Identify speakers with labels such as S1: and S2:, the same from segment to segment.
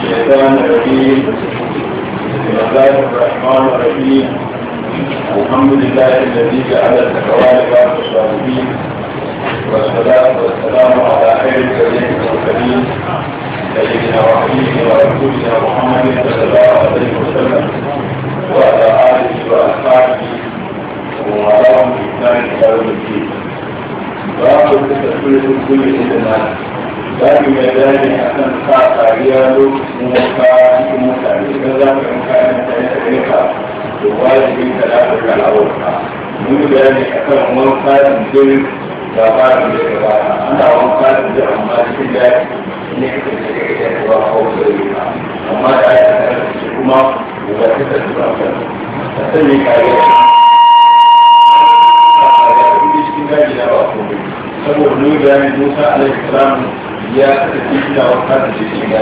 S1: الشيطان الرجيم بسم الله الرحمن الرحيم الحمد لله الذي جعل التقوى لباس الصالحين والصلاة والسلام على خير سيد المرسلين سيدنا وحبيبنا ورسولنا محمد صلى الله عليه وسلم وعلى آله وأصحابه ومن والاهم بإحسان إلى يوم الدين. باب التسلسل كل الناس babu ya zane a kan sa kariya lokacin wanka cikin mutane idan za ka yanka yana tare da yanka to wajibi ka lafi da awarka mun bayani a kan wanka da jin da ba da da gaba ana wanka da jin amma cikin da ne ka ce ka ce ba ko da yanka amma da ya ta kuma ba ta ta ba ta ta sani kariya cikin daji da ba ko saboda mun bayani Musa alaihi salam ya fi da wata da shi ne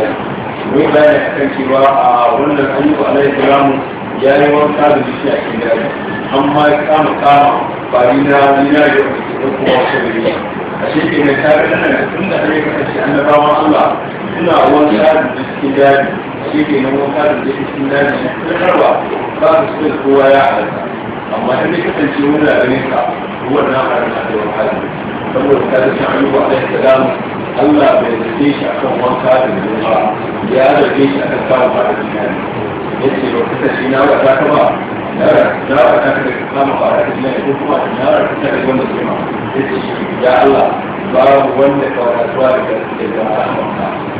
S1: wai bayan a kan cewa a wannan ayyuka alaihi salamu ya yi wanka da shi a cikin gari amma ya kama kama ba ni na ni na yi wani cikin kuma wasu gari a cikin da tare da nan tun da an yi kasance annabawan Allah suna wanka da cikin gari shi ke nan wanka da cikin gari na karwa ba su cikin kowa ya halatta amma in ya kasance wani a gare ka wannan halatta da wani halatta saboda ta da shi ayyuka alaihi salamu Allah bai rage shi a kan wanka da ba ya rage shi kan kawo ba da ruwa ya ce ba kusa shi na wata ka ba na wata ka kama ba da ruwa ko kuma na wata ka gama wanda ya ce ya Allah babu wanda ka wadatuwa daga daga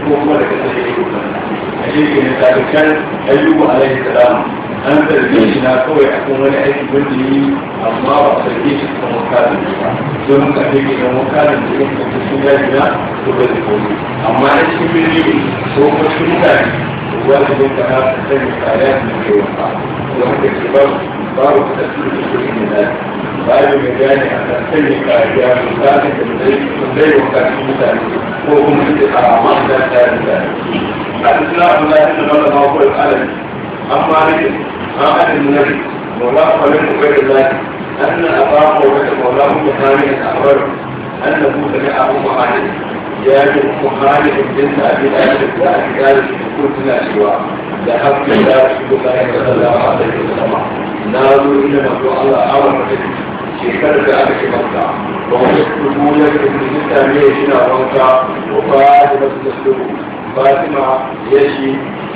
S1: ko kuma daga sai ya yi kusa a shi alaihi salamu أنت الذين أقوى يحكمون أي بني أصبار سجيش ومكادم ثم تحيبي ومكادم تقوم بسجاجنا تبذلكم أما أنت بني هو مشكلتك هو الذي أنت هذا تسمي فعليات من جوة وحد اكتبار مصدار وتسجيل بسجاج من ذلك فأيو مجاني أن تسمي فعليات من ذلك من ذلك من ذلك من ذلك من ذلك هو هم الذي حرامان ذلك ذلك ذلك الله أن الله أعلم أما عليكم قال النبي مولاه خليل عبيد الله أن أباه مولاه مخالد أخبره أنه سمع أبو خالد جابر مخالد بن أبي آدم وأبي آدم قلت لا سوى ذهبت إلى رسول الله صلى الله عليه وسلم نادوا إلى مكتوب الله أمر بك شكرت أبك مكة ويكتبوا لك في الإسلامية هنا مكة وفاطمة تسلم فاطمة يشي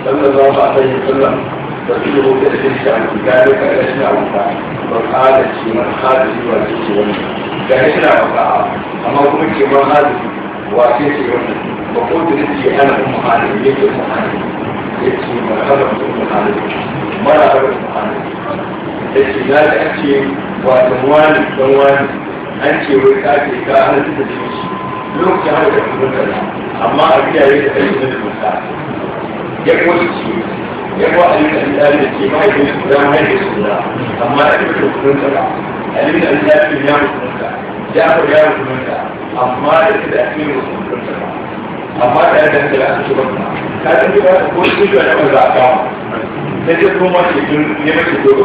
S1: صلى الله عليه وسلم فكله تأتيش عن ذلك لسنا وقع والحالة من خالد وكيس ومن فهنا وقع أما أمك من خالد وكيس ومن وقلت لك أنا أم خالد ليك أم خالد ليك من خلق أم خالد ما لا أعرف أم خالد ليك لا تأتي وأموال أموال أنت وكاتي كأنا تتجيش لوك هذا أمك أما أبي أريد أن يكون المساعد يكون يقوى ألمين الإسلام الاجتماعي في الإسلام غير الإسلام أما أكبر الكفرون سبعة ألمين الإسلام في اليوم الكفرون جعفر جعفر الكفرون سبعة أما أكبر أكبر الكفرون سبعة أما أكبر الكفرون سبعة هذا كده كل شيء أنا أقول بعد sai kuma mace tun ne mace dogo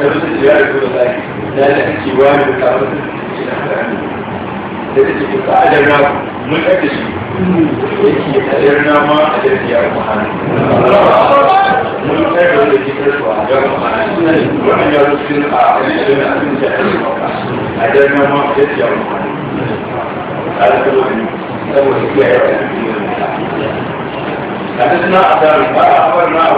S1: ta rusa ciya da kuma sai da da ci wa ne ka rusa ciya da da ta ce ka adarna mun kada shi yake adarna ma adarna ya kuma hannu حدثنا عبد الله اخبرنا عبد